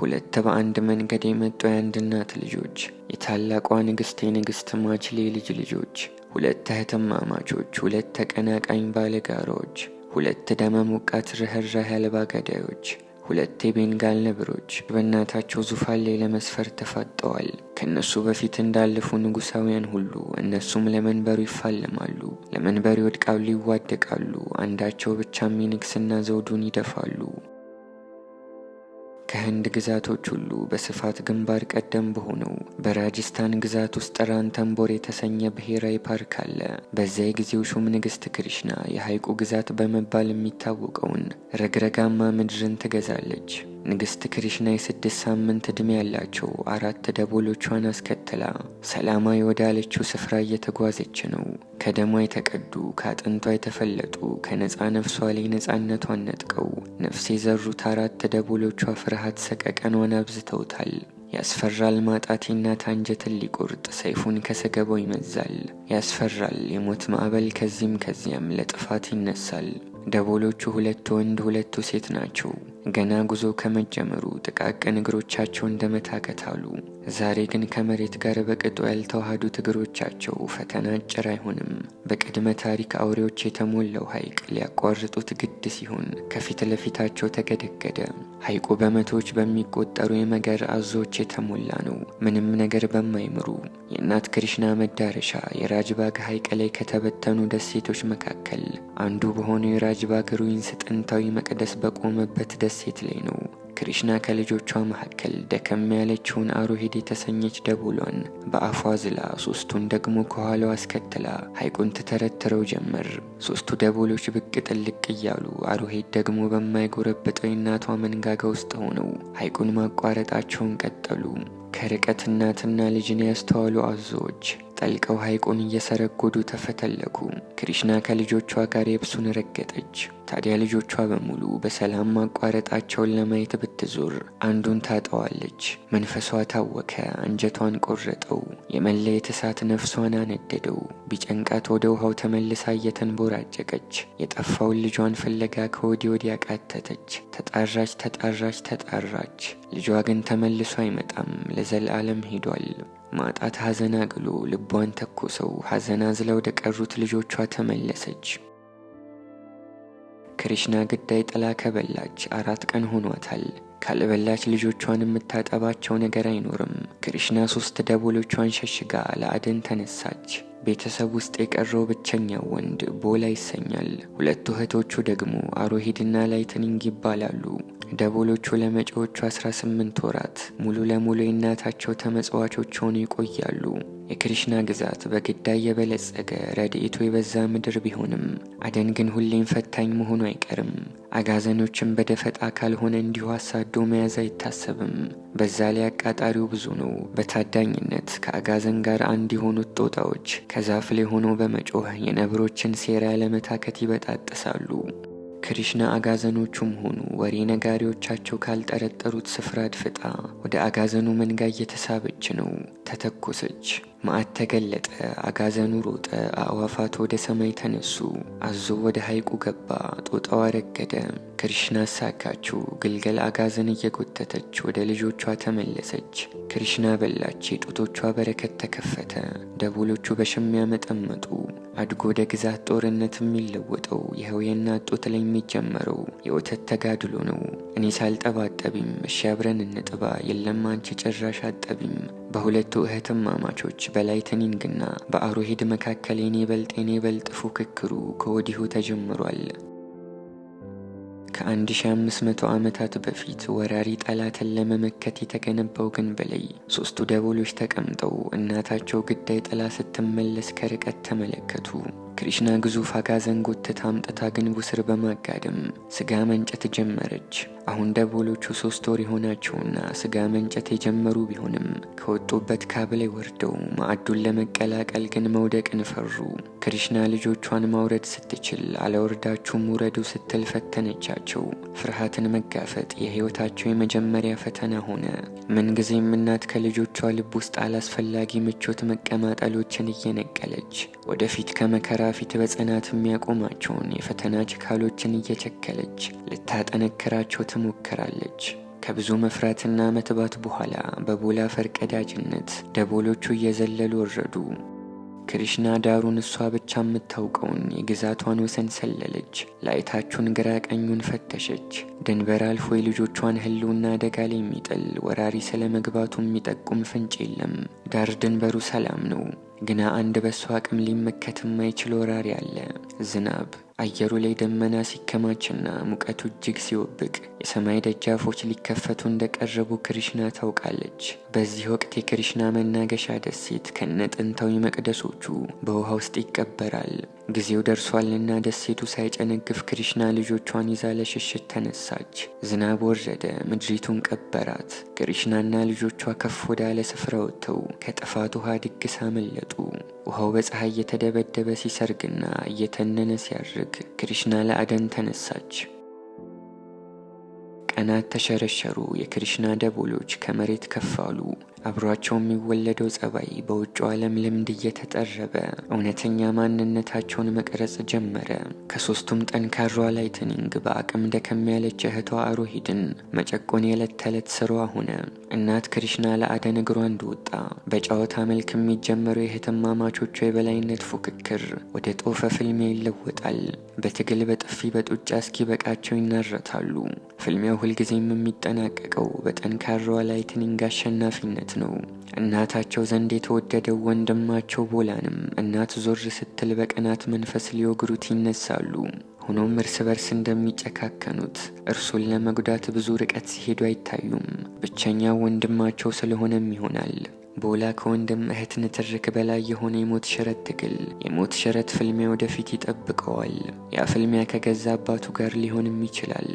ሁለት በአንድ መንገድ የመጡ የአንድ እናት ልጆች፣ የታላቋ ንግሥት የንግሥት ማችሌ ልጅ ልጆች፣ ሁለት እህትማማቾች፣ ሁለት ተቀናቃኝ ባለጋራዎች፣ ሁለት ደመ ሞቃት ርኅራኄ አልባ ገዳዮች፣ ሁለት የቤንጋል ነብሮች በእናታቸው ዙፋን ላይ ለመስፈር ተፋጠዋል። ከእነሱ በፊት እንዳለፉ ንጉሳውያን ሁሉ እነሱም ለመንበሩ ይፋለማሉ፣ ለመንበሩ ይወድቃሉ፣ ይዋደቃሉ። አንዳቸው ብቻም የንግሥና ዘውዱን ይደፋሉ። ከህንድ ግዛቶች ሁሉ በስፋት ግንባር ቀደም በሆነው በራጅስታን ግዛት ውስጥ ራንተንቦር የተሰኘ ብሔራዊ ፓርክ አለ። በዚያ የጊዜው ሹም ንግስት ክሪሽና የሐይቁ ግዛት በመባል የሚታወቀውን ረግረጋማ ምድርን ትገዛለች። ንግስት ክሪሽና የስድስት ሳምንት ዕድሜ ያላቸው አራት ደቦሎቿን አስከትላ ሰላማዊ ወዳለችው ስፍራ እየተጓዘች ነው። ከደሟ የተቀዱ ከአጥንቷ የተፈለጡ ከነፃ ነፍሷ ላይ ነፃነቷን ነጥቀው ነፍስ የዘሩት አራት ደቦሎቿ ፍርሃት ፍርሃት ሰቀቀን አብዝተውታል። ያስፈራል ማጣቴና ታንጀትን ሊቆርጥ ሰይፉን ከሰገባው ይመዛል። ያስፈራል የሞት ማዕበል ከዚህም ከዚያም ለጥፋት ይነሳል። ደቦሎቹ ሁለቱ ወንድ ሁለቱ ሴት ናቸው። ገና ጉዞ ከመጀመሩ ጥቃቅን እግሮቻቸው እንደመታከት አሉ። ዛሬ ግን ከመሬት ጋር በቅጡ ያልተዋሃዱት እግሮቻቸው ፈተና አጭር አይሆንም። በቅድመ ታሪክ አውሬዎች የተሞላው ሐይቅ ሊያቋርጡት ግድ ሲሆን ከፊት ለፊታቸው ተገደገደ። ሐይቁ በመቶዎች በሚቆጠሩ የመገር አዞዎች የተሞላ ነው። ምንም ነገር በማይምሩ የእናት ክሪሽና መዳረሻ የራጅባግ ሐይቅ ላይ ከተበተኑ ደሴቶች መካከል አንዱ በሆነው የራጅባግ ሩዊንስ ጥንታዊ መቅደስ በቆመበት ደስ ደሴት ላይ ነው። ክሪሽና ከልጆቿ መካከል ደከም ያለችውን አሮሄድ የተሰኘች ደቦሏን በአፏ ዝላ ሶስቱን ደግሞ ከኋላው አስከትላ ሐይቁን ትተረትረው ጀመር። ሶስቱ ደቦሎች ብቅ ጥልቅ እያሉ አሮሄድ ደግሞ በማይጎረብጠው የእናቷ መንጋጋ ውስጥ ሆነው ሐይቁን ማቋረጣቸውን ቀጠሉ። ከርቀት ልጅን ያስተዋሉ አዞዎች ጠልቀው ሐይቁን እየሰረጎዱ ተፈተለኩ። ክሪሽና ከልጆቿ ጋር የብሱን ረገጠች። ታዲያ ልጆቿ በሙሉ በሰላም ማቋረጣቸውን ለማየት ብትዞር አንዱን ታጠዋለች። መንፈሷ ታወከ፣ አንጀቷን ቆረጠው። የመለየት እሳት ነፍሷን አነደደው። ቢጨንቃት ወደ ውሃው ተመልሳ እየተንቦራጨቀች የጠፋውን ልጇን ፍለጋ ከወዲ ወዲ ያቃተተች ተጣራች፣ ተጣራች፣ ተጣራች። ልጇ ግን ተመልሶ አይመጣም፣ ለዘላለም ሂዷል። ማጣት ሐዘን አግሎ ልቧን ተኮሰው፣ ሐዘን ዝለ ወደ ቀሩት ልጆቿ ተመለሰች። ክሪሽና ግዳይ ጥላ ከበላች አራት ቀን ሆኗታል። ካልበላች ልጆቿን የምታጠባቸው ነገር አይኖርም። ክሪሽና ሶስት ደቦሎቿን ሸሽጋ ለአደን ተነሳች። ቤተሰብ ውስጥ የቀረው ብቸኛው ወንድ ቦላ ይሰኛል። ሁለቱ እህቶቹ ደግሞ አሮሂድና ላይትኒንግ ይባላሉ። ደቦሎቹ ለመጪዎቹ 18 ወራት ሙሉ ለሙሉ የእናታቸው ተመጽዋቾች ሆነው ይቆያሉ። የክርሽና ግዛት በግዳይ የበለጸገ ረድኤቱ የበዛ ምድር ቢሆንም አደን ግን ሁሌም ፈታኝ መሆኑ አይቀርም። አጋዘኖችን በደፈጣ ካልሆነ እንዲሁ አሳዶ መያዝ አይታሰብም። በዛ ላይ አቃጣሪው ብዙ ነው። በታዳኝነት ከአጋዘን ጋር አንድ የሆኑት ጦጣዎች ከዛፍ ላይ ሆኖ በመጮህ የነብሮችን ሴራ ለመታከት ይበጣጥሳሉ። ክሪሽና አጋዘኖቹም ሆኑ ወሬ ነጋሪዎቻቸው ካልጠረጠሩት ስፍራ አድፍጣ ወደ አጋዘኑ መንጋ እየተሳበች ነው። ተተኮሰች። መዓት ተገለጠ፣ አጋዘኑ ሮጠ፣ አእዋፋት ወደ ሰማይ ተነሱ፣ አዞ ወደ ሐይቁ ገባ፣ ጦጣው አረገደ። ክርሽና አሳካችው። ግልገል አጋዘን እየጎተተች ወደ ልጆቿ ተመለሰች። ክርሽና በላች፣ የጡቶቿ በረከት ተከፈተ፣ ደቦሎቹ በሽሚያ መጠመጡ። አድጎ ወደ ግዛት ጦርነት የሚለወጠው የህውየና ጦት ላይ የሚጀመረው የወተት ተጋድሎ ነው። እኔ ሳልጠባ አጠቢም፣ እሺ አብረን እንጥባ፣ የለም አንቺ ጭራሽ አጠቢም በሁለቱ እህትማማቾች በላይተኒንግና በአሮሄድ መካከል የኔ በልጥ የኔ በልጥ ፉክክሩ ከወዲሁ ተጀምሯል። ከ1500 ዓመታት በፊት ወራሪ ጠላትን ለመመከት የተገነባው ግንብ ላይ ሦስቱ ደቦሎች ተቀምጠው እናታቸው ግዳይ ጥላ ስትመለስ ከርቀት ተመለከቱ። ክሪሽና ግዙፍ አጋዘን ጎትታ አምጥታ ግንቡ ስር በማጋደም ስጋ መንጨት ጀመረች። አሁን ደቦሎቹ ሶስት ወር የሆናቸውና ስጋ መንጨት የጀመሩ ቢሆንም ከወጡበት ካብ ላይ ወርደው ማዕዱን ለመቀላቀል ግን መውደቅን ፈሩ። ክሪሽና ልጆቿን ማውረድ ስትችል አለወርዳችሁም ውረዱ ስትል ፈተነቻቸው። ፍርሃትን መጋፈጥ የህይወታቸው የመጀመሪያ ፈተና ሆነ። ምንጊዜም እናት ከልጆቿ ልብ ውስጥ አላስፈላጊ ምቾት መቀማጠሎችን እየነቀለች ወደፊት ከመከራ ፊት በጽናትም የሚያቆማቸውን የፈተና ችካሎችን እየቸከለች ልታጠነክራቸው ትሞክራለች። ከብዙ መፍራትና መትባት በኋላ በቦላ ፈርቀዳጅነት ደቦሎቹ እየዘለሉ ወረዱ። ክሪሽና ዳሩን እሷ ብቻ የምታውቀውን የግዛቷን ወሰን ሰለለች። ላይታችሁን ግራ ቀኙን ፈተሸች። ድንበር አልፎ የልጆቿን ሕልውና አደጋ ላይ የሚጥል ወራሪ ስለ መግባቱ የሚጠቁም ፍንጭ የለም። ዳር ድንበሩ ሰላም ነው፣ ግና አንድ በሷ አቅም ሊመከት የማይችል ወራሪ አለ። ዝናብ አየሩ ላይ ደመና ሲከማችና ሙቀቱ እጅግ ሲወብቅ የሰማይ ደጃፎች ሊከፈቱ እንደቀረቡ ክሪሽና ታውቃለች። በዚህ ወቅት የክርሽና መናገሻ ደሴት ከነ ጥንታዊ መቅደሶቹ በውሃ ውስጥ ይቀበራል። ጊዜው ደርሷልና ደሴቱ ሳይጨነግፍ ክርሽና ልጆቿን ይዛ ለሽሽት ተነሳች። ዝናብ ወረደ፣ ምድሪቱን ቀበራት። ክሪሽናና ልጆቿ ከፍ ወዳለ ስፍራ ወጥተው ከጥፋት ውሃ ድግስ አመለጡ። ውሃው በፀሐይ እየተደበደበ ሲሰርግና እየተነነ ሲያርግ ክርሽና ለአደን ተነሳች። ቀናት ተሸረሸሩ። የክርሽና ደቦሎች ከመሬት ከፍ አሉ። አብሯቸው የሚወለደው ጸባይ በውጭ ዓለም ልምድ እየተጠረበ እውነተኛ ማንነታቸውን መቅረጽ ጀመረ። ከሶስቱም ጠንካሯ ላይትኒንግ በአቅም ደከም ያለች እህቷ አሮሂድን መጨቆን የዕለት ተዕለት ስሯ ሆነ። እናት ክሪሽና ለአደን እግሯ እንደወጣ በጨዋታ መልክ የሚጀመረው የህትማማቾቹ የበላይነት ፉክክር ወደ ጦፈ ፍልሚያ ይለወጣል። በትግል በጥፊ በጡጫ እስኪበቃቸው ይናረታሉ። ፍልሚያው ሁልጊዜም የሚጠናቀቀው በጠንካሯ ላይትኒንግ አሸናፊነት ማለት ነው። እናታቸው ዘንድ የተወደደው ወንድማቸው ቦላንም እናት ዞር ስትል በቅናት መንፈስ ሊወግሩት ይነሳሉ። ሆኖም እርስ በርስ እንደሚጨካከኑት እርሱን ለመጉዳት ብዙ ርቀት ሲሄዱ አይታዩም። ብቸኛው ወንድማቸው ስለሆነም ይሆናል ቦላ ከወንድም እህት ንትርክ በላይ የሆነ የሞት ሽረት ትግል፣ የሞት ሽረት ፍልሚያ ወደፊት ይጠብቀዋል። ያ ፍልሚያ ከገዛ አባቱ ጋር ሊሆንም ይችላል።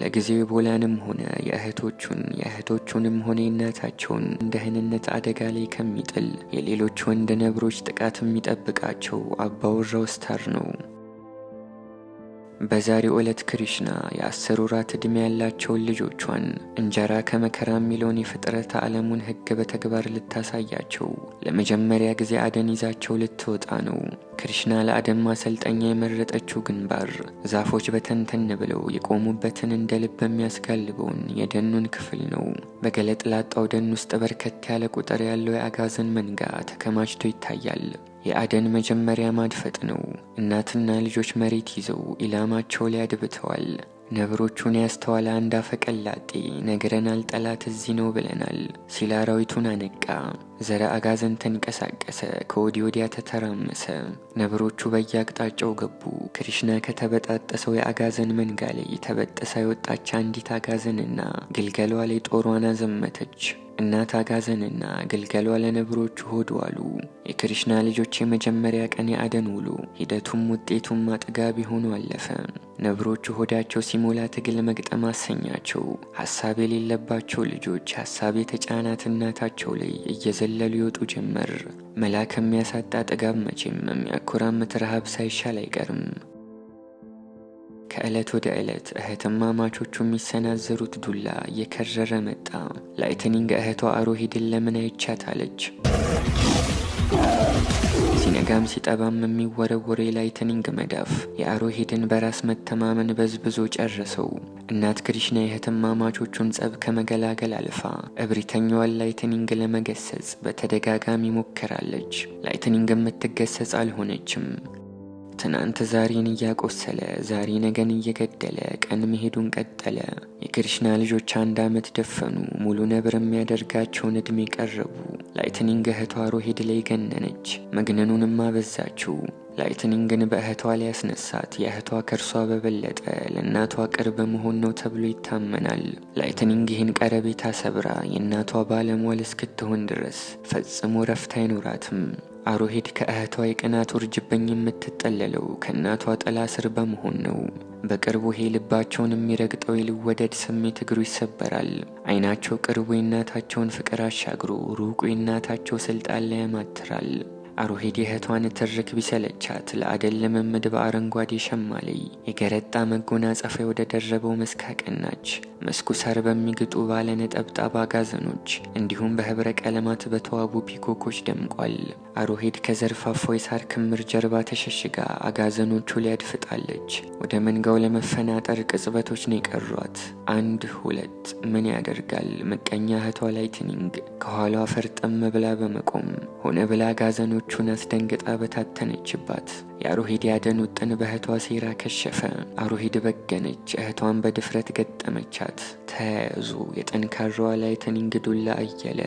ለጊዜው ቦላንም ሆነ የእህቶቹን የእህቶቹንም ሆነ እናታቸውን ደህንነት አደጋ ላይ ከሚጥል የሌሎች ወንድ ነብሮች ጥቃት የሚጠብቃቸው አባወራው ስታር ነው። በዛሬው ዕለት ክሪሽና የአስር ወራት ዕድሜ ያላቸውን ልጆቿን እንጀራ ከመከራ የሚለውን የፍጥረት ዓለሙን ሕግ በተግባር ልታሳያቸው ለመጀመሪያ ጊዜ አደን ይዛቸው ልትወጣ ነው። ክሪሽና ለአደን ማሰልጠኛ የመረጠችው ግንባር ዛፎች በተንተን ብለው የቆሙበትን እንደ ልብ የሚያስጋልበውን የደኑን ክፍል ነው። በገለጥ ላጣው ደን ውስጥ በርከት ያለ ቁጥር ያለው የአጋዘን መንጋ ተከማችቶ ይታያል። የአደን መጀመሪያ ማድፈጥ ነው። እናትና ልጆች መሬት ይዘው ኢላማቸው ላይ አድብተዋል። ነብሮቹን ያስተዋለ አንድ አፈቀላጤ ነግረናል፣ ጠላት እዚህ ነው ብለናል ሲል አራዊቱን አነቃ። ዘረ አጋዘን ተንቀሳቀሰ፣ ከወዲ ወዲያ ተተራመሰ። ነብሮቹ በየአቅጣጫው ገቡ። ክሪሽና ከተበጣጠሰው የአጋዘን መንጋ ላይ ተበጠሳ የወጣች አንዲት አጋዘንና ግልገሏ ላይ ጦሯን አዘመተች። እናት አጋዘንና ግልገሏ ለነብሮቹ ሆድ ዋሉ። የክሪሽና ልጆች የመጀመሪያ ቀን የአደን ውሎ ሂደቱም ውጤቱም አጥጋቢ ሆኖ አለፈ። ነብሮቹ ሆዳቸው ሲሞላ ትግል መግጠም አሰኛቸው። ሀሳብ የሌለባቸው ልጆች ሀሳብ የተጫናት እናታቸው ላይ እየዘ እየዘለሉ ይወጡ ጀመር። መላክ የሚያሳጣ ጥጋብ መቼም የሚያኮራምት ረሃብ ሳይሻል አይቀርም። ከዕለት ወደ ዕለት እህትማማቾቹ የሚሰናዘሩት ዱላ እየከረረ መጣ። ላይትኒንግ እህቷ አሮሂድን ለምን አይቻታለች? ስጋም ሲጠባም የሚወረወር የላይትኒንግ መዳፍ የአሮሄድን በራስ መተማመን በዝብዞ ጨረሰው። እናት ክሪሽና የህትማማቾቹን ጸብ ከመገላገል አልፋ እብሪተኛዋን ላይትኒንግ ለመገሰጽ በተደጋጋሚ ሞክራለች። ላይትኒንግ የምትገሰጽ አልሆነችም። ትናንት ዛሬን እያቆሰለ ዛሬ ነገን እየገደለ ቀን መሄዱን ቀጠለ። የክርሽና ልጆች አንድ ዓመት ደፈኑ፣ ሙሉ ነብር የሚያደርጋቸውን ዕድሜ ቀረቡ። ላይትኒንግ እህቷ ሮሄድ ላይ ገነነች፣ መግነኑንም አበዛችው። ላይትኒንግን በእህቷ ሊያስነሳት የእህቷ ከእርሷ በበለጠ ለእናቷ ቅርብ መሆን ነው ተብሎ ይታመናል። ላይትኒንግ ይህን ቀረቤታ ሰብራ የእናቷ ባለሟል እስክትሆን ድረስ ፈጽሞ ረፍት አይኖራትም። አሮሄድ ከእህቷ የቅናት ውርጅብኝ የምትጠለለው ከእናቷ ጥላ ስር በመሆን ነው። በቅርቡ ሄ ልባቸውን የሚረግጠው የልወደድ ስሜት እግሩ ይሰበራል። አይናቸው ቅርቡ የእናታቸውን ፍቅር አሻግሮ ሩቁ የእናታቸው ስልጣን ላይ ያማትራል። አሮሄድ የእህቷን ትርክ ቢሰለቻት ለአደን ምድብ አረንጓዴ ሸማ ላይ የገረጣ መጎናጸፊያ ወደ ደረበው መስካቀናች መስኩ ሳር በሚግጡ ባለ ነጠብጣብ አጋዘኖች እንዲሁም በህብረ ቀለማት በተዋቡ ፒኮኮች ደምቋል። አሮሄድ ከዘርፋፋው የሳር ክምር ጀርባ ተሸሽጋ አጋዘኖቹ ሊያድፍጣለች። ወደ መንጋው ለመፈናጠር ቅጽበቶች ነው የቀሯት። አንድ ሁለት ምን ያደርጋል ምቀኛ እህቷ ላይትኒንግ ከኋሏ ፈርጠም ብላ በመቆም ሆነ ብላ አጋዘኖች በሰማችውን አስደንግጣ በታተነችባት። የአሮሂድ ያደን ውጥን በእህቷ ሴራ ከሸፈ። አሮሂድ በገነች፣ እህቷን በድፍረት ገጠመቻት። ተያያዙ። የጠንካራዋ ላይ ተኒንግዱላ አየለ።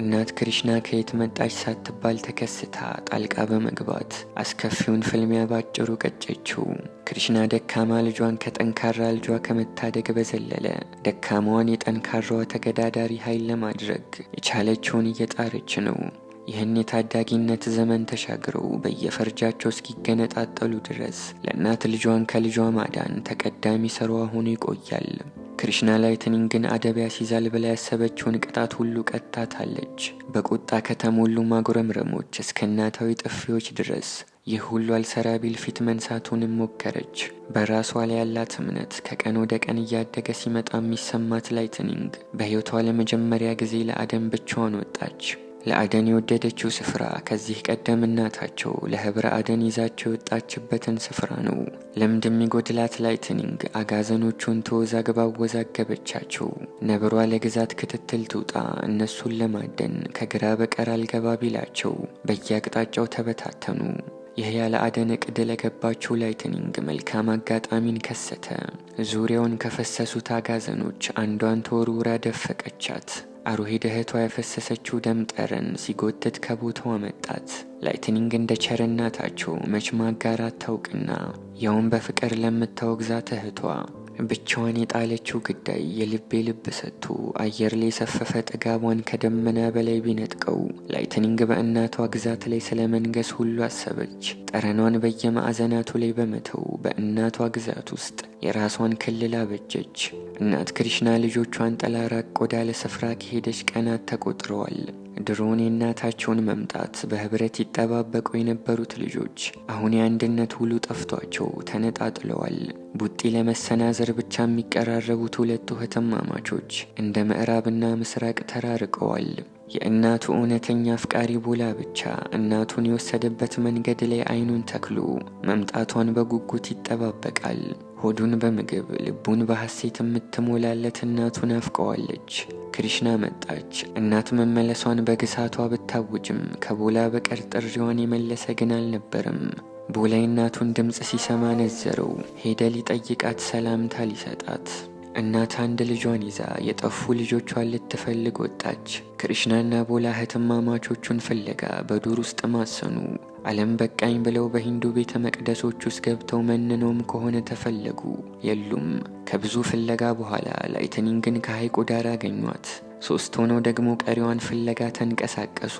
እናት ክሪሽና ከየት መጣች ሳትባል ተከስታ ጣልቃ በመግባት አስከፊውን ፍልሚያ ባጭሩ ቀጨችው። ክሪሽና ደካማ ልጇን ከጠንካራ ልጇ ከመታደግ በዘለለ ደካማዋን የጠንካራዋ ተገዳዳሪ ኃይል ለማድረግ የቻለችውን እየጣረች ነው። ይህን የታዳጊነት ዘመን ተሻግረው በየፈርጃቸው እስኪገነጣጠሉ ድረስ ለእናት ልጇን ከልጇ ማዳን ተቀዳሚ ሰሯ ሆኖ ይቆያል። ክሪሽና ላይትኒንግ ግን አደብ ያስይዛል ብላ ያሰበችውን ቅጣት ሁሉ ቀጣታለች። በቁጣ ከተሞሉ ማጉረምረሞች እስከ እናታዊ ጥፊዎች ድረስ ይህ ሁሉ አልሰራ ቢል ፊት መንሳቱንም ሞከረች። በራሷ ላይ ያላት እምነት ከቀን ወደ ቀን እያደገ ሲመጣ የሚሰማት ላይትኒንግ በሕይወቷ ለመጀመሪያ ጊዜ ለአደም ብቻዋን ወጣች። ለአደን የወደደችው ስፍራ ከዚህ ቀደም እናታቸው ለህብረ አደን ይዛቸው የወጣችበትን ስፍራ ነው። ልምድ የሚጎድላት ላይትኒንግ አጋዘኖቹን ተወዛግባ ወዛገበቻቸው። ነብሯ ለግዛት ክትትል ትውጣ እነሱን ለማደን ከግራ በቀር አልገባ ቢላቸው በየአቅጣጫው ተበታተኑ። ይህ ያለ አደን እቅድ ለገባችው ላይትኒንግ መልካም አጋጣሚን ከሰተ። ዙሪያውን ከፈሰሱት አጋዘኖች አንዷን ተወርውራ ደፈቀቻት። አሮሄ እህቷ የፈሰሰችው ደም ጠረን ሲጎተት ከቦታው አመጣት። ላይትኒንግ እንደ ቸርነታቸው መች ማጋራት ታውቅና ያውን በፍቅር ለምታወግዛት እህቷ ብቻዋን የጣለችው ግዳይ የልቤ ልብ ሰጥቶ አየር ላይ የሰፈፈ ጥጋቧን ከደመና በላይ ቢነጥቀው ላይትኒንግ በእናቷ ግዛት ላይ ስለ መንገስ ሁሉ አሰበች። ጠረኗን በየማዕዘናቱ ላይ በመተው በእናቷ ግዛት ውስጥ የራሷን ክልል አበጀች። እናት ክሪሽና ልጆቿን ጥላ ራቅ ወዳለ ስፍራ ከሄደች ቀናት ተቆጥረዋል። ድሮን የእናታቸውን መምጣት በህብረት ይጠባበቁ የነበሩት ልጆች አሁን የአንድነት ውሉ ጠፍቷቸው ተነጣጥለዋል። ቡጢ ለመሰናዘር ብቻ የሚቀራረቡት ሁለቱ እህትማማቾች እንደ ምዕራብና ምስራቅ ተራርቀዋል። የእናቱ እውነተኛ አፍቃሪ ቡላ ብቻ እናቱን የወሰደበት መንገድ ላይ አይኑን ተክሎ መምጣቷን በጉጉት ይጠባበቃል። ሆዱን በምግብ ልቡን በሐሴት የምትሞላለት እናቱ ናፍቀዋለች። ክሪሽና መጣች። እናት መመለሷን በግሳቷ ብታውጅም ከቦላ በቀር ጥሪዋን የመለሰ ግን አልነበርም። ቦላ እናቱን ድምፅ ሲሰማ ነዘረው። ሄደ ሊጠይቃት፣ ሰላምታ ሊሰጣት እናት አንድ ልጇን ይዛ የጠፉ ልጆቿን ልትፈልግ ወጣች። ክርሽናና ቦላ እህትማማቾቹን ፍለጋ በዱር ውስጥ ማሰኑ። ዓለም በቃኝ ብለው በሂንዱ ቤተ መቅደሶች ውስጥ ገብተው መንነውም ከሆነ ተፈለጉ፣ የሉም። ከብዙ ፍለጋ በኋላ ላይትኒንግን ከሐይቁ ዳር አገኟት። ሦስት ሆነው ደግሞ ቀሪዋን ፍለጋ ተንቀሳቀሱ።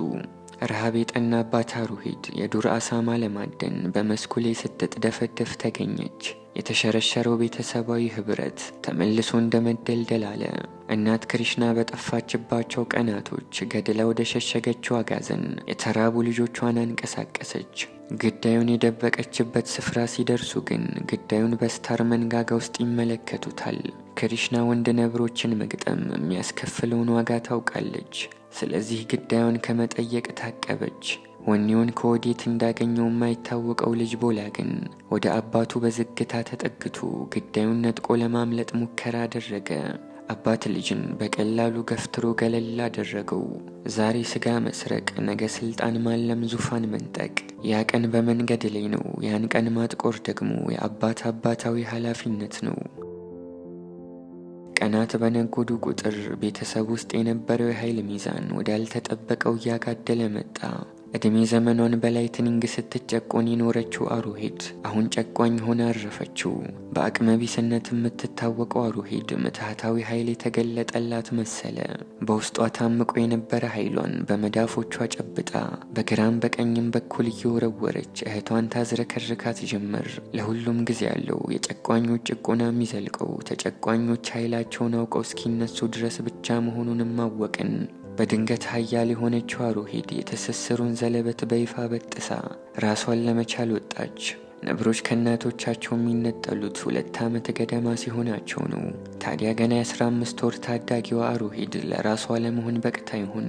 ረሃብ የጠናባት አሩሂድ የዱር አሳማ ለማደን በመስኩ ላይ ስትጥደፈደፍ ተገኘች። የተሸረሸረው ቤተሰባዊ ህብረት ተመልሶ እንደ መደልደል አለ። እናት ክሪሽና በጠፋችባቸው ቀናቶች ገድላ ወደ ሸሸገችው አጋዘን የተራቡ ልጆቿን አንቀሳቀሰች። ግዳዩን የደበቀችበት ስፍራ ሲደርሱ ግን ግዳዩን በስታር መንጋጋ ውስጥ ይመለከቱታል። ክሪሽና ወንድ ነብሮችን መግጠም የሚያስከፍለውን ዋጋ ታውቃለች። ስለዚህ ግዳዩን ከመጠየቅ ታቀበች። ወኔውን ከወዴት እንዳገኘው የማይታወቀው ልጅ ቦላ ግን ወደ አባቱ በዝግታ ተጠግቶ ግዳዩን ነጥቆ ለማምለጥ ሙከራ አደረገ። አባት ልጅን በቀላሉ ገፍትሮ ገለል አደረገው። ዛሬ ስጋ መስረቅ፣ ነገ ስልጣን ማለም፣ ዙፋን መንጠቅ። ያ ቀን በመንገድ ላይ ነው። ያን ቀን ማጥቆር ደግሞ የአባት አባታዊ ኃላፊነት ነው። ቀናት በነጎዱ ቁጥር ቤተሰብ ውስጥ የነበረው የኃይል ሚዛን ወዳልተጠበቀው እያጋደለ መጣ። እድሜ ዘመኗን በላይ ትንንግ ስትጨቆን የኖረችው አሮሄድ አሁን ጨቋኝ ሆነ አረፈችው። በአቅመቢስነት የምትታወቀው አሮሄድ ምትሃታዊ ኃይል የተገለጠላት መሰለ። በውስጧ ታምቆ የነበረ ኃይሏን በመዳፎቿ ጨብጣ በግራም በቀኝም በኩል እየወረወረች እህቷን ታዝረከርካት ጀመር። ለሁሉም ጊዜ ያለው የጨቋኞች ጭቆና የሚዘልቀው ተጨቋኞች ኃይላቸውን አውቀው እስኪነሱ ድረስ ብቻ መሆኑንም አወቅን። በድንገት ኃያል የሆነችው አሮሄድ የተሰሰሩን ዘለበት በይፋ በጥሳ ራሷን ለመቻል ወጣች። ነብሮች ከእናቶቻቸው የሚነጠሉት ሁለት ዓመት ገደማ ሲሆናቸው ነው። ታዲያ ገና የአስራ አምስት ወር ታዳጊዋ አሩሂድ ለራሷ ለመሆን በቅታ ይሆን?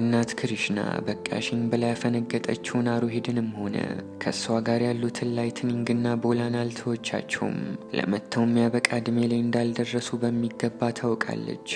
እናት ክሪሽና በቃሽኝ ብላ ያፈነገጠችውን አሩሂድንም ሆነ ከእሷ ጋር ያሉትን ላይትኒንግና ቦላን አልተወቻቸውም። ለመተው የሚያበቃ ዕድሜ ላይ እንዳልደረሱ በሚገባ ታውቃለች።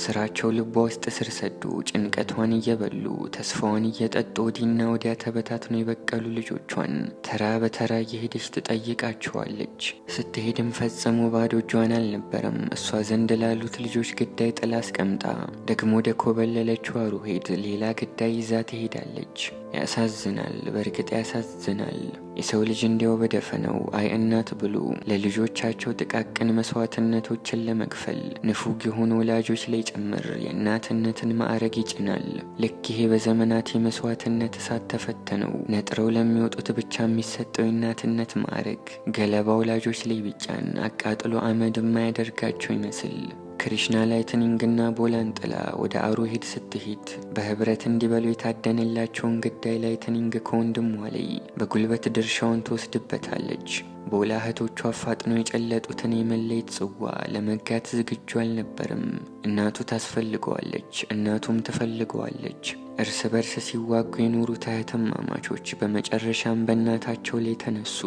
ስራቸው ልቧ ውስጥ ስር ሰዱ፣ ጭንቀቷን እየበሉ ተስፋዋን እየጠጡ ወዲና ወዲያ ተበታትኖ የበቀሉ ልጆቿን ተራ በተራ እየሄደች ትጠይቃቸዋለች። ስትሄድም ፈጽሞ ባዶ እጇን አልነበረም። እሷ ዘንድ ላሉት ልጆች ግዳይ ጥላ አስቀምጣ ደግሞ ደኮበለለችው አሩሄድ ሌላ ግዳይ ይዛ ትሄዳለች። ያሳዝናል፣ በእርግጥ ያሳዝናል። የሰው ልጅ እንዲያው በደፈነው አይ እናት ብሎ ለልጆቻቸው ጥቃቅን መስዋዕትነቶችን ለመክፈል ንፉግ የሆኑ ወላጆች ላይ ጭምር የእናትነትን ማዕረግ ይጭናል። ልክ ይሄ በዘመናት የመስዋዕትነት እሳት ተፈተነው ነጥረው ለሚወጡት ብቻ የሚሰጠው የእናትነት ማዕረግ ገለባ ወላጆች ላይ ብጫን አቃጥሎ አመድ የማያደርጋቸው ይመስል ክሪሽና ላይትኒንግና ቦላን ጥላ ወደ አሮሂድ ስትሄድ በህብረት እንዲበሉ የታደነላቸውን ግዳይ ላይትኒንግ ከወንድሟ ላይ በጉልበት ድርሻውን ትወስድበታለች። ቦላ እህቶቹ አፋጥኖ የጨለጡትን የመለየት ጽዋ ለመጋት ዝግጁ አልነበርም። እናቱ ታስፈልገዋለች፣ እናቱም ትፈልገዋለች። እርስ በርስ ሲዋጉ የኖሩት ማማቾች በመጨረሻም በእናታቸው ላይ ተነሱ።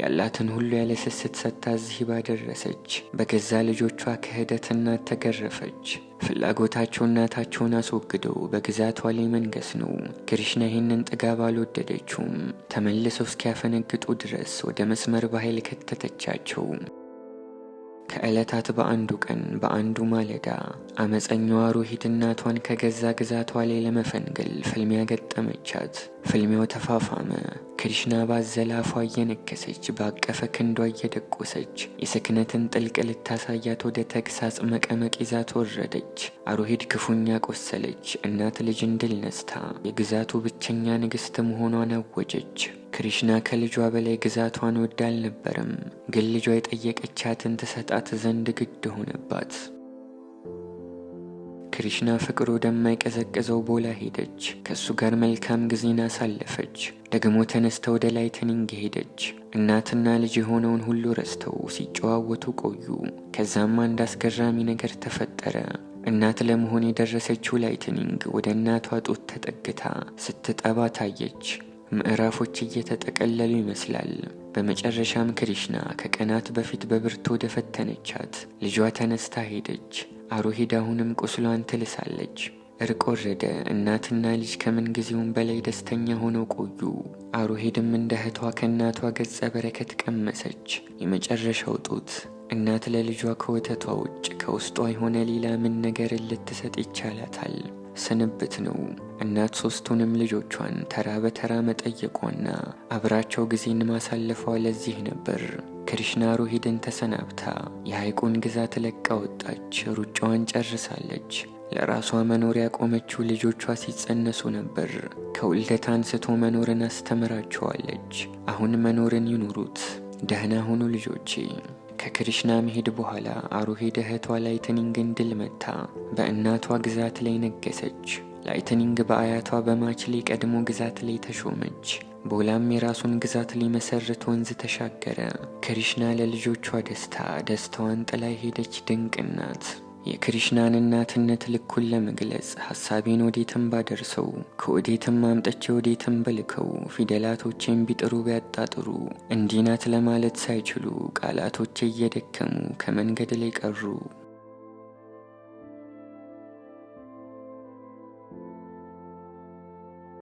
ያላትን ሁሉ ስስት ሰጥታ እዚህ ባደረሰች በገዛ ልጆቿ ክህደት እናት ተገረፈች። ፍላጎታቸው እናታቸውን አስወግደው በግዛቷ ላይ መንገስ ነው። ክሪሽና ይህንን ጥጋብ አልወደደችውም። ተመልሰው እስኪያፈነግጡ ድረስ ወደ መስመር በኃይል ከተተቻቸው። ከዕለታት በአንዱ ቀን በአንዱ ማለዳ አመፀኛዋ ሮሂት እናቷን ከገዛ ግዛቷ ላይ ለመፈንገል ፍልሚያ ገጠመቻት። ፍልሚያው ተፋፋመ። ክሪሽና ባዘለ አፏ እየነከሰች ባቀፈ ክንዷ እየደቆሰች የስክነትን ጥልቅ ልታሳያት ወደ ተግሳጽ መቀመቅ ይዛት ወረደች። አሮሂድ ክፉኛ ቆሰለች። እናት ልጅ እንድል ነስታ የግዛቱ ብቸኛ ንግሥት መሆኗን አወጀች። ክሪሽና ከልጇ በላይ ግዛቷን ወዳ አልነበረም፣ ግን ልጇ የጠየቀቻትን ትሰጣት ዘንድ ግድ ሆነባት። ክሪሽና ፍቅሩ ወደማይቀዘቅዘው ቦላ ሄደች። ከእሱ ጋር መልካም ጊዜን አሳለፈች። ደግሞ ተነስተ ወደ ላይትኒንግ ሄደች። እናትና ልጅ የሆነውን ሁሉ ረስተው ሲጨዋወቱ ቆዩ። ከዛም አንድ አስገራሚ ነገር ተፈጠረ። እናት ለመሆን የደረሰችው ላይትኒንግ ወደ እናቷ ጡት ተጠግታ ስትጠባ ታየች። ምዕራፎች እየተጠቀለሉ ይመስላል። በመጨረሻም ክሪሽና ከቀናት በፊት በብርቱ ወደ ፈተነቻት ልጇ ተነስታ ሄደች። አሮሄድ አሁንም ቁስሏን ትልሳለች። እርቅ ወረደ። እናትና ልጅ ከምንጊዜውም በላይ ደስተኛ ሆነው ቆዩ። አሮሄድም እንደ እህቷ ከእናቷ ገጸ በረከት ቀመሰች። የመጨረሻው ጡት እናት ለልጇ ከወተቷ ውጭ ከውስጧ የሆነ ሌላ ምን ነገርን ልትሰጥ ይቻላታል? ስንብት ነው። እናት ሶስቱንም ልጆቿን ተራ በተራ መጠየቋና አብራቸው ጊዜን ማሳለፏ ለዚህ ነበር። ክሪሽና ሩሂድን ተሰናብታ የሐይቁን ግዛት ለቃ ወጣች። ሩጫዋን ጨርሳለች። ለራሷ መኖር ያቆመችው ልጆቿ ሲጸነሱ ነበር። ከውልደት አንስቶ መኖርን አስተምራቸዋለች። አሁን መኖርን ይኑሩት። ደህና ሁኑ ልጆቼ። ከክርሽና መሄድ በኋላ አሮሄድ እህቷ ላይትኒንግን ድል መታ፣ በእናቷ ግዛት ላይ ነገሰች። ላይትኒንግ በአያቷ በማች ላይ ቀድሞ ግዛት ላይ ተሾመች። ቦላም የራሱን ግዛት ሊመሰርት ወንዝ ተሻገረ። ክሪሽና ለልጆቿ ደስታ ደስታዋን ጥላ ሄደች ድንቅ እናት የክሪሽናን እናትነት ልኩን ለመግለጽ ሀሳቤን ወዴትም ባደርሰው ከወዴትም አምጥቼ ወዴትም በልከው ፊደላቶቼን ቢጥሩ ቢያጣጥሩ እንዲናት ለማለት ሳይችሉ ቃላቶቼ እየደከሙ ከመንገድ ላይ ቀሩ።